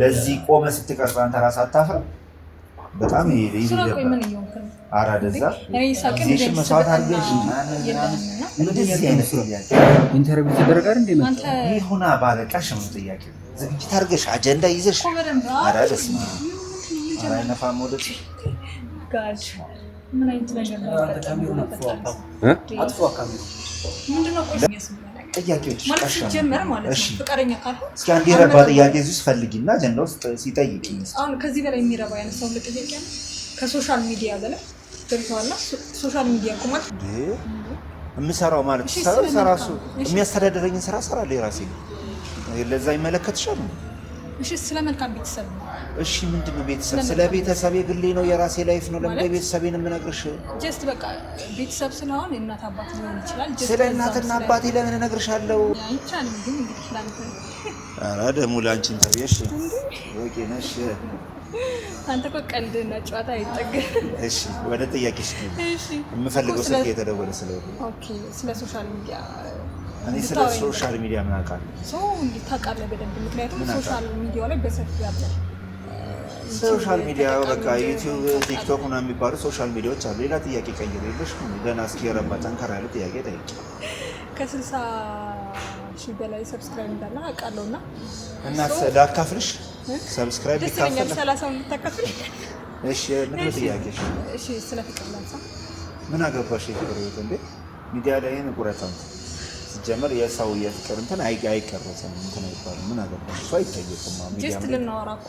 ለዚህ ቆመ ስትቀርጽ አንተ ራስህ አታፍርም? በጣም አራደዛ መስዋዕት አድርገሽ እንደዚህ አይነት ኢንተርቪው ተደረጋል። ይሁና ባለቃሽ ነው ጥያቄ ዝግጅት አድርገሽ አጀንዳ ይዘሽ አራደስ አይነፋ መውደድ ምን አይነት ነገር ነው? አጥፎ ጥያቄዎች ጀመር ማለት ጥያቄ ውስጥ ፈልጊና ውስጥ አሁን ከዚህ በላይ የሚረባ አይነት ሰው ጥያቄ ነው። ከሶሻል ሚዲያ በላይ ገብተዋልና ሶሻል ሚዲያ ማለት የምሰራው ማለት የሚያስተዳደረኝን ስራ ሰራለሁ የራሴ ለዛ ይመለከትሻል። እሺ ስለ መልካም ቤተሰብ ነው እሺ ምንድን ነው ቤተሰብ? ስለ ቤተሰብ የግሌ ነው የራሴ ላይፍ ነው። ለምን ቤተሰቤን የምነግርሽ? ጀስት በቃ ቤተሰብ ስለሆን እናት አባት ሊሆን ይችላል። ስለ እናትና አባቴ ለምን እነግርሻለሁ? አይቻልም። ግን እንግዲህ ላንተ ደግሞ ለአንቺን ተብዬሽ ወቄ ነሽ። አንተ እኮ ቀልድና ጨዋታ አይጠገም። እሺ፣ ወደ ጥያቄሽ የምፈልገው ስልክ የተደወለ ስለ ኦኬ፣ ስለ ሶሻል ሚዲያ እኔ ስለ ሶሻል ሚዲያ ምን አውቃለሁ? ሰው እንዲታወቃለህ በደንብ ምክንያቱም ሶሻል ሚዲያ ላይ በሰፊ ያለ ሶሻል ሚዲያ በቃ ዩቲዩብ፣ ቲክቶክ ና የሚባሉ ሶሻል ሚዲያዎች አሉ። ሌላ ጥያቄ ቀይር የለሽ ገና እስኪ የረባ ጠንከራ ያለ ጥያቄ ጠይቅ። ከስልሳ ሺህ በላይ ሰብስክራይብ እንዳለ አውቃለሁ እና እና ላካፍልሽ ሰብስክራይብ ሊካፍል ሰላሳውን ልታካፍል እሺ። ምንድን ነው ጥያቄሽ? እሺ ስለ ፍቅር ላንሳ። ምን አገባሽ የፍቅር ቤት እንዴ? ሚዲያ ላይ ንቁረተም ሲጀመር የሰው የፍቅር እንትን አይቀረጽም እንትን አይባልም። ምን አገባሽ? እሱ አይጠየቅም። ሚዲያ ልናወራ እኮ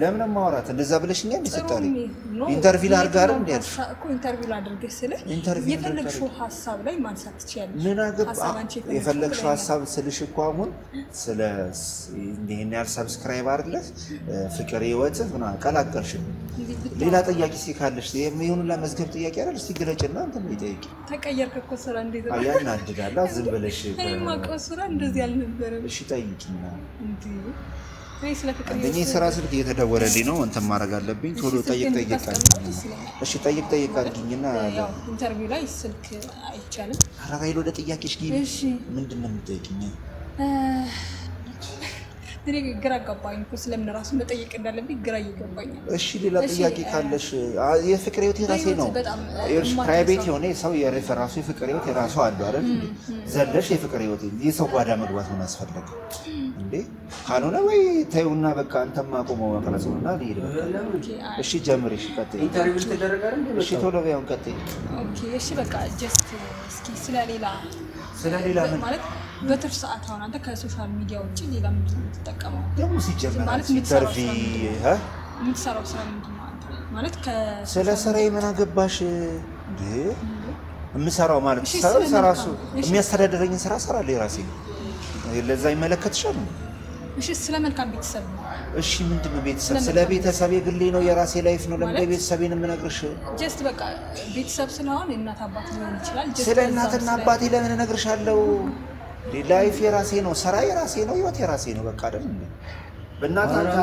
ለምን ማውራት እንደዛ ብለሽ እንዴ እንዲሰጣሪ ኢንተርቪው ላድርግ አይደል እንዴ እኮ ኢንተርቪው ላድርግ ስልህ የፈለግሽው ሀሳብ ላይ ማንሳት ትችያለሽ። ምን አገባ የፈለግሽው ሐሳብ ስልሽ እኮ አሁን ስለ ይሄን ያህል ሰብስክራይብ አይደለ ፍቅር ህይወት እና ቀላቀልሽ ሌላ ጥያቄ ሲካለሽ የሚሆኑ ለመዝገብ ጥያቄ አይደል እስቲ ግለጭና ነው ይጠይቂ። ተቀየርክ እኮ ስራ እንዴት ነው ያናድጋላ። ዝም ብለሽ እኔ ማቀሱራ እንደዚህ አልነበረም። እሺ ጠይቂና እንዴ አንደኛ የስራ ስልክ እየተደወለልኝ ነው። እንትን ማድረግ አለብኝ ቶሎ ጠይቅ ጠይቅ እሺ፣ ጠይቅ ጠይቅ አድርጊኝና ኢንተርቪው ላይ ስልክ አይቻልም። ኧረ ወደ ጥያቄሽ ምንድን ነው የምትጠይቅኝ? እኔ ግራ ገባኝ እኮ ስለምን ራሱ መጠየቅ እንዳለብኝ ግራ ይገባኛል። እሺ ሌላ ጥያቄ ካለሽ የፍቅር ህይወት የራሴ ነው ፕራይቬት የሆነ ሰው የራሱ የፍቅር ህይወት የራሱ አለ አይደል? ዘለሽ የፍቅር ህይወት የሰው ጓዳ መግባት ምን አስፈለገ እንዴ? ካልሆነ ወይ ተይውና በቃ አንተማ ቆሞ መቅረጽ ሆና ልሄድ እሺ፣ ጀምር። እሺ፣ ቀጥይ። እሺ፣ ቶሎ በይ አሁን ቀጥይ። እሺ፣ በቃ ጀስት እስኪ ስለሌላ ስለሌላ ምን ማለት በትርፍ ሰዓት አሁን አንተ ከሶሻል ሚዲያ ውጭ ሌላ ምንድን ነው የምትጠቀመው? ደግሞ ሲጀመር ሲተርፊ የምትሰራው ስራ ምንድን ነው? ማለት ስለ ስራዬ ምን አገባሽ? የምሰራው ማለት ስራ እሱ የሚያስተዳደረኝን ስራ እሰራለሁ የራሴ። ለዛ ይመለከትሻል። እሺ ስለ መልካም ቤተሰብ ነው እሺ ምንድን ነው ቤተሰብ? ስለ ቤተሰብ የግሌ ነው የራሴ ላይፍ ነው። ለምን ቤተሰቤን የምነግርሽ? ጀስት በቃ ቤተሰብ ስለሆን እናት አባት ሊሆን ይችላል። ስለ እናትና አባቴ ለምን እነግርሻለሁ? ላይፍ የራሴ ነው፣ ስራ የራሴ ነው፣ ህይወት የራሴ ነው። በቃ አይደል በእናት ምን ብላ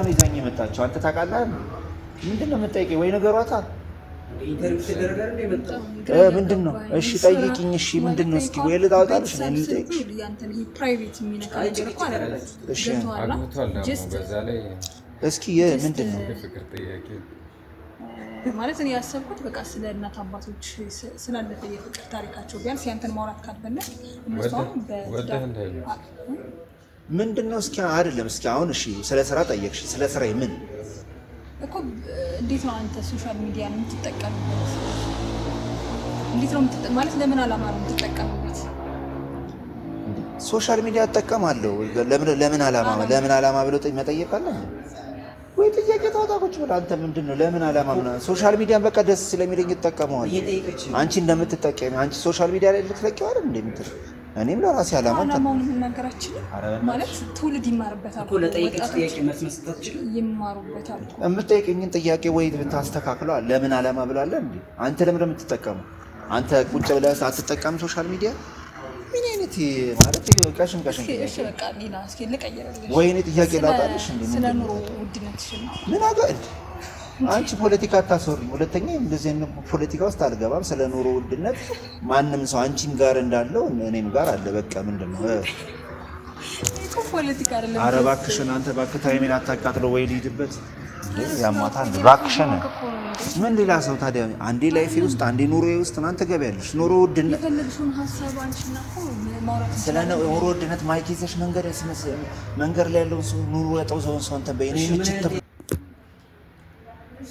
ነው ይዛኝ የመጣችው? አንተ ታውቃለህ። ምንድን ነው የምጠይቀኝ? ወይ ነገሯታ ምንድን ነው? እሺ ጠይቅኝ። እሺ ምንድን ነው? እስኪ ወይ ልታወጣልሽ ነው ልጠይቅሽ። እስኪ ምንድን ነው ማለት እኔ ያሰብኩት በቃ ስለ እናት አባቶች ስላለፈ የፍቅር ታሪካቸው ቢያንስ ያንተን ማውራት ካልፈለግ ምንድን ነው? እስኪ አይደለም። እስኪ አሁን እሺ ስለ ስራ ጠየቅሽ። ስለ ስራ ምን እኮ እንዴት ነው አንተ ሶሻል ሚዲያ የምትጠቀምበት? እንዴት ነው ማለት ለምን አላማ ነው የምትጠቀምበት? ሶሻል ሚዲያ እጠቀማለሁ ለምን አላማ ለምን አላማ ብሎ መጠየቅ ወይ ጥያቄ ታወጣቆች ብለህ አንተ ምንድን ነው ለምን አላማ ምናምን ሶሻል ሚዲያን በቃ ደስ ስለሚለኝ እጠቀመዋለሁ። አንቺ እንደምትጠቀሚ አንቺ ሶሻል ሚዲያ ላይ ልትለቂው አይደል እንደምትል እኔም ለራሴ አላማ ዓላማውን መናገራችን ማለት ትውልድ ይማርበታል። ይማሩበታል። የምትጠይቀኝን ጥያቄ ወይ ብታስተካክለዋ። ለምን አላማ ብላለ እንዴ? አንተ ለምን የምትጠቀመው? አንተ ቁጭ ብለህ አትጠቀም ሶሻል ሚዲያ ምን አይነት ማለት ቀሽን ቀሽን ወይኔ እኔ ጥያቄ ላውጣልሽ? ምን አገ አንቺ ፖለቲካ አታሰሪ። ሁለተኛ እንደዚህ ፖለቲካ ውስጥ አልገባም። ስለ ኑሮ ውድነት ማንም ሰው አንቺም ጋር እንዳለው እኔም ጋር አለ። በቃ ምንድን ነው ኧረ እባክሽን አንተ እባክህ ታይሜን አታቃጥለው። ወይ ልሂድበት ያማታል እባክሽን ምን ሌላ ሰው ታዲያ አንዴ ላይፌ ውስጥ አንዴ ኑሮ ውስጥ እናንተ ገቢያለሽ። ኑሮ ውድነት ስለ ኑሮ ውድነት ማይኬዘሽ መንገድ መንገድ ላይ ያለውን ሰው ኑሮ ያጠው ሰውን ሰው አንተ በይ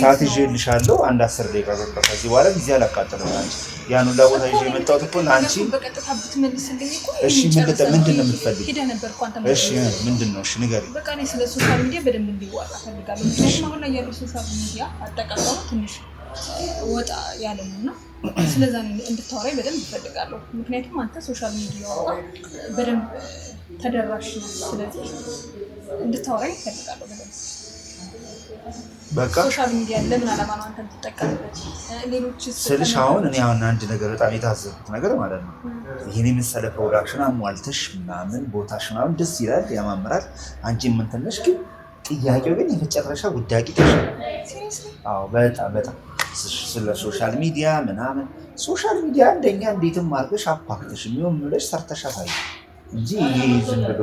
ሰዓት ይዤልሻለሁ። አንድ አስር ደቂቃ በቃ። ከዚህ በኋላ ጊዜ አላቃጥልም። አንቺ ያን ሁላ ቦታ ይዤ የመጣሁት እኮ አንቺ። እሺ ምንድን ነው የምትፈልጊው? እሺ ምንድን ነው? እሺ ንገሪኝ። ስለ ሶሻል ሚዲያ በደንብ እንዲዋራ እፈልጋለሁ። ምክንያቱም አሁን ላይ ያለው ሶሻል ሚዲያ አጠቃቀሙ ትንሽ ወጣ ያለ ነው እና ስለዛ እንድታወራኝ በደንብ እፈልጋለሁ። ምክንያቱም አንተ ሶሻል ሚዲያ በደንብ ተደራሽ ነው። ስለዚህ እንድታወራኝ እፈልጋለሁ በደንብ በቃ ሶሻል ሚዲያ ለምን አላማ ነው አንተ የምትጠቀምበት? ሌሎች ስልሽ አሁን እኔ አሁን አንድ ነገር በጣም የታዘብኩት ነገር ማለት ነው ይህን የመሰለ ፕሮዳክሽን አሟልተሽ ምናምን ቦታሽ ምናምን ደስ ይላል፣ ያማምራል። አንቺ የምንትነሽ ግን ጥያቄው ግን የመጨረሻ ውዳቂ ተሽ በጣም በጣም ስለ ሶሻል ሚዲያ ምናምን ሶሻል ሚዲያ እንደኛ እንዴትም አድርገሽ አፓክተሽ የሚሆን ብለሽ ሰርተሻታል እንጂ ይህ ዝም ብሎ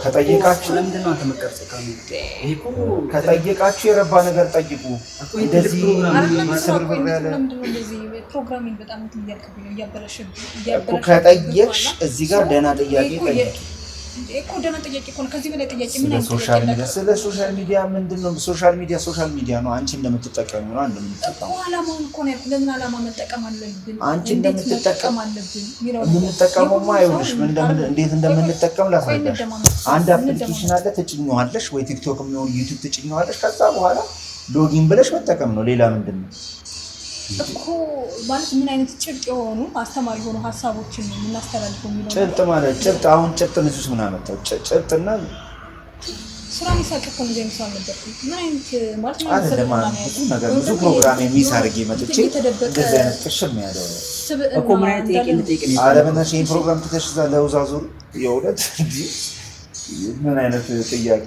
ከጠየቃችሁ ከጠየቃችሁ የረባ ነገር ጠይቁ። እንደዚህ ስብርብር ያለ ከጠየቅሽ እዚህ ጋር ደህና ጥያቄ ጠይቂ። እኮ ደህና ጥያቄ እኮ ነው። ከዚህ በላይ ጥያቄ ምን ሶሻል ሚዲያ ስለ ሶሻል ሚዲያ ምንድን ነው? ሶሻል ሚዲያ ሶሻል ሚዲያ ነው። አንቺ እንደምትጠቀም ነው እንደምትጠቀም አላማውን እኮ ነው። ለምን አላማ መጠቀም አለብን? አንቺ እንደምትጠቀም አለብን። የምንጠቀመውማ ይኸውልሽ፣ እንዴት እንደምንጠቀም ላስረዳሽ። አንድ አፕሊኬሽን አለ፣ ትጭኘዋለሽ ወይ ቲክቶክ የሚሆን ዩቲዩብ ትጭኘዋለሽ። ከዛ በኋላ ሎጊን ብለሽ መጠቀም ነው። ሌላ ምንድን ነው? እኮ ማለት ምን አይነት ጭብጥ የሆኑ አስተማሪ የሆኑ ሀሳቦችን የምናስተላልፈው የሚለው ጭብጥ ማለት ጭብጥ አሁን ጭብጥ ልጅ ምን አመጣው ጭብጥና ስራ የሚሳቅ እኮ ነው ምን አይነት ማለት ብዙ ነገር ብዙ ፕሮግራም የሚስ አድርጌ መጥቼ እንደዚህ አይነት ቅሽር ያለው እኮ ምን አይነት ጥያቄ ልጠይቅ ነው ይህን ፕሮግራም ትተሽ ለውዛዙር የውለት ምን አይነት ጥያቄ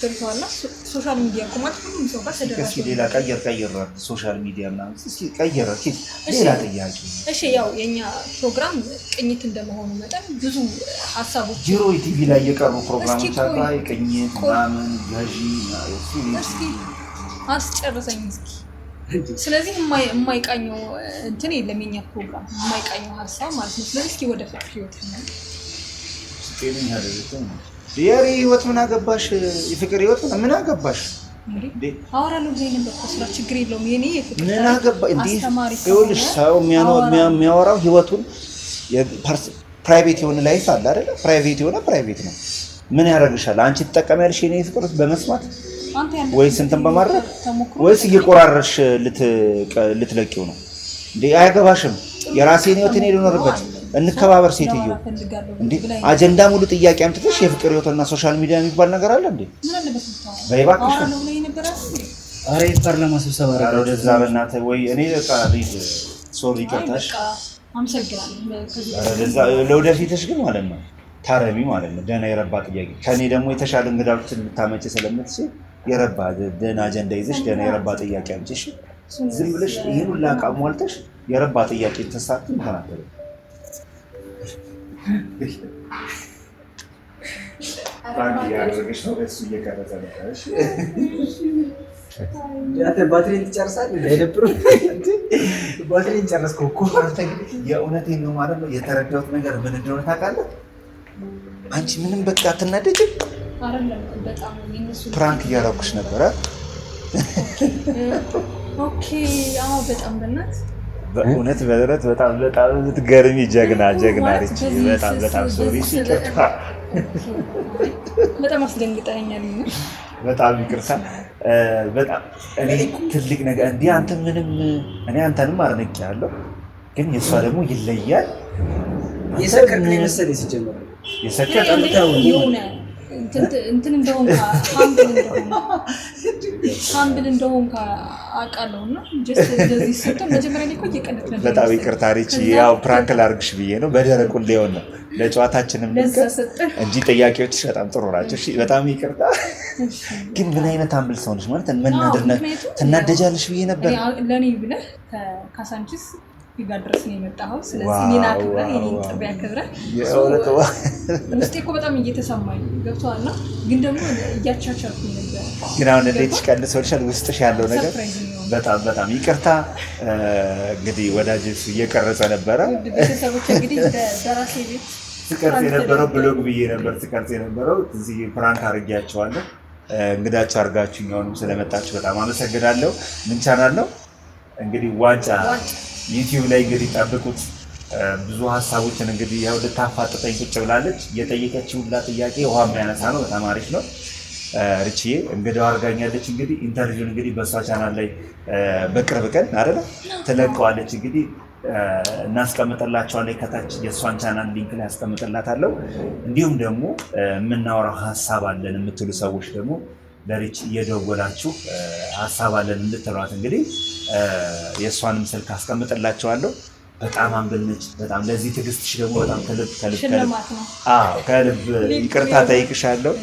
ሶሻል ሚዲያ እኮ እስኪ ሌላ ቀየር ቀየር ሶሻል ሚዲያ ምናምን ቀየር። ሌላ ጥያቄ እሺ፣ ያው የእኛ ፕሮግራም ቅኝት እንደመሆኑ መጠን ብዙ ሀሳቦች ጅሮ ቲቪ ላይ የቀሩ ፕሮግራሞች አሉ። ቅኝት ምናምን ገዢ አስጨርሰኝ እስኪ ስለዚህ የማይቃኘው እንትን የለም የኛ ፕሮግራም የማይቃኘው ሀሳብ ማለት ነው። ስለዚህ እስኪ ወደ ፍቅር ህይወት ነው የሪ ህይወት ምን አገባሽ? የፍቅር ህይወት ምን አገባሽ? አወራለሁ ብዬሽ ነበር እኮ ስራ ችግር የለውም። የኔ የፍቅር ምን አገባሽ? ይኸውልሽ ሰው የሚያወራው ህይወቱን ፕራይቬት የሆነ ላይፍ አለ አይደለ? ፕራይቬት የሆነ ፕራይቬት ነው። ምን ያደርግሻል? አንቺ ትጠቀሚያለሽ የኔ ፍቅር በመስማት ወይስ እንትን በማድረግ ወይስ እየቆራረሽ ልትለቂው ነው እንዴ? አያገባሽም። የራሴን ህይወት እኔ ልኖርበት እንከባበር ሴትዮ። እንዴ አጀንዳ ሙሉ ጥያቄ አምጥተሽ የፍቅር ህይወትና ሶሻል ሚዲያ የሚባል ነገር አለ እንዴ? በይ እባክሽ። ኧረ የፓርላማ ስብሰባ ኧረ ወደዛ በእናትህ ወይ እኔ በቃ ልጅ ሶሪ ይቀርታሽ። ለወደፊትሽ ግን ማለት ነው ታረሚ ማለት ነው ደህና የረባ ጥያቄ ከእኔ ደግሞ የተሻለ እንግዳዎች ልታመጭ ስለምትችል የረባ ደህና አጀንዳ ይዘሽ ደህና የረባ ጥያቄ አምጪሽ። ዝም ብለሽ ይህን ሁሉ ዕቃ የረባ ጥያቄ ተሳት ተናገረ ባትሪን ትጨርሳለህ። አይደብርም? ባትሪን ጨረስኩ እኮ የእውነቴን ነው ማለት ነው። የተረዳሁት ነገር ምን እንደሆነ ታውቃለህ? አንቺ ምንም በቃ አትናደጅም። ፕራንክ እያደረኩሽ ነበረ። ኦኬ። አዎ በጣም በእናትህ በእውነት በእውነት በጣም በጣም የምትገርሚ ጀግና ጀግና ልጅ በጣም በጣም ሶሪ ሲቀርታ በጣም አስደንግጠኛል። በጣም ይቅርታ። በጣም እኔ ትልቅ ነገር እንዲህ አንተ ምንም እኔ አንተንም አርነቅ ያለው ግን የእሷ ደግሞ ይለያል። የሰከርክ ነው የመሰለኝ ሲጀመር የሰከርክ እንትን እንደሆንክ ሀምብል እንደሆንክ አውቃለሁ እና መጀመሪያ ላይ እኮ እየቀለድክ ነበር። በጣም ይቅርታ ሪች፣ ያው ፕራንክ ላድርግሽ ብዬ ነው በደረቁ እንዲሆን ነው ለጨዋታችንም እንጂ ጥያቄዎች በጣም ጥሩ ናቸው። በጣም ይቅርታ። ግን ምን አይነት ሀምብል ሰው ማለት መናደር ትናደጃለሽ ብዬ ነበር ለእኔ ብለህ ጋር ድረስ ነው የመጣኸው። ስለዚህ እኔን አክብረህ የእኔን ጥሪ አክብረህ ውስጤ እኮ በጣም እየተሰማኝ ገብቶሃል። እና ግን ደግሞ እያቻቻልኩኝ ነበር። ግን አሁን እንዴትሽ ቀንሶልሻል ውስጥሽ ያለው ነገር በጣም በጣም ይቅርታ። እንግዲህ ወዳጅ እየቀረጸ ነበረ። ቤተሰቦች እንግዲህ በራሴ ቤት ስቀርጽ የነበረው ብሎግ ብዬ ነበር ስቀርጽ የነበረው እዚህ ፕራንክ አድርጌያቸዋለሁ። እንግዳቸው አድርጋችሁ እኛውንም ስለመጣችሁ በጣም አመሰግናለሁ። ምን ቻናል ነው እንግዲህ ዋንጫ ዩቲዩብ ላይ እንግዲህ ጠብቁት። ብዙ ሀሳቦችን እንግዲህ ያው ልታፋጥጠኝ ቁጭ ብላለች። የጠየቀችው ሁላ ጥያቄ ውሃ የሚያነሳ ነው። በጣም አሪፍ ነው። ርችዬ እንግዲህ አርጋኛለች። እንግዲህ ኢንተርቪውን እንግዲህ በእሷ ቻናል ላይ በቅርብ ቀን አይደለ ትለቀዋለች። እንግዲህ እናስቀምጥላቸዋለን ከታች የእሷን ቻናል ሊንክ ላይ ያስቀምጥላታለሁ። እንዲሁም ደግሞ የምናወራው ሀሳብ አለን የምትሉ ሰዎች ደግሞ ለሪች እየደወላችሁ ሀሳብ አለን እንድትሏት እንግዲህ የእሷንም ስልክ አስቀምጥላቸዋለሁ። በጣም አንብልነች በጣም ለዚህ ትዕግስትሽ ደግሞ በጣም ከልብ ከልብ ከልብ ከልብ ይቅርታ ጠይቅሻለሁ።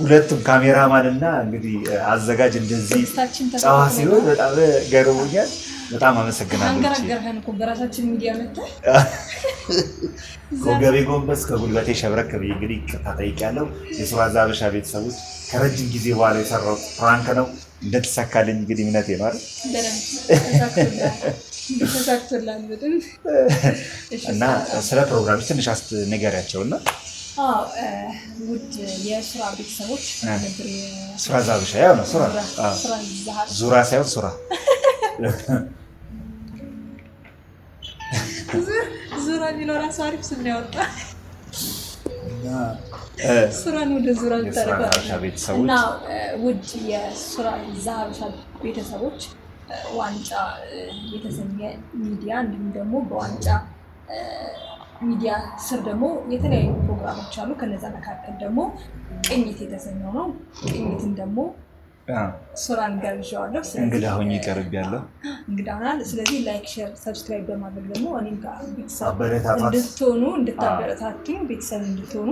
ሁለቱም ካሜራማን እና እንግዲህ አዘጋጅ እንደዚህ ጸዋ ሲሆን በጣም ገርሞኛል። በጣም አመሰግናለሁ። አንገራገርህን እኮ በራሳችን ሚዲያ መጥተህ ከወገቤ ጎንበስ ከጉልበቴ ሸብረክ ብዬ እንግዲህ ይቅርታ ጠይቄያለሁ። የሱራዛ ሀበሻ ቤተሰቦች ከረጅም ጊዜ በኋላ የሰራው ፕራንክ ነው። እንደተሳካልኝ እንግዲህ እምነቴ ይኖር እና ስለ ፕሮግራም ትንሽ አስት ንገሪያቸው እና ውድ የሱራ ቤተሰቦች ሱራ ዛብሻ ያው ነው ሱራ ዙራ ሳይሆን ሱራ ዙራ የሚለው ራሱ አሪፍ ስም ያወጣ ሱራን ወደ ዙራ እና ውድ የሱራ ዛሀበሻ ቤተሰቦች ዋንጫ የተሰኘ ሚዲያ እንዲሁም ደግሞ በዋንጫ ሚዲያ ስር ደግሞ የተለያዩ ፕሮግራሞች አሉ። ከነዛ መካከል ደግሞ ቅኝት የተሰኘው ነው። ቅኝትን ደግሞ ሱራን ጋብዣዋለሁ። እንግዳ ሆኜ ይቀርብ ያለው እንግዳ ሆናል። ስለዚህ ላይክ፣ ሼር፣ ሰብስክራይብ በማድረግ ደግሞ እኔም ጋር ቤተሰብ እንድትሆኑ እንድታበረታቱኝ ቤተሰብ እንድትሆኑ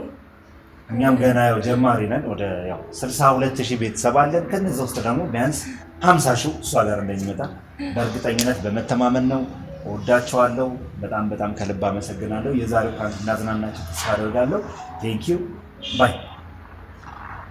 እኛም ገና ያው ጀማሪ ነን። ወደ ያው ስልሳ ሁለት ሺህ ቤተሰብ አለን። ከነዚ ውስጥ ደግሞ ቢያንስ ሀምሳ ሺህ እሷ ጋር እንደሚመጣ በእርግጠኝነት በመተማመን ነው። ወዳቸዋለሁ። በጣም በጣም ከልብ አመሰግናለሁ። የዛሬው ካንት እናዝናናቸው ተስፋ አደርጋለሁ። ቴንኪዩ ባይ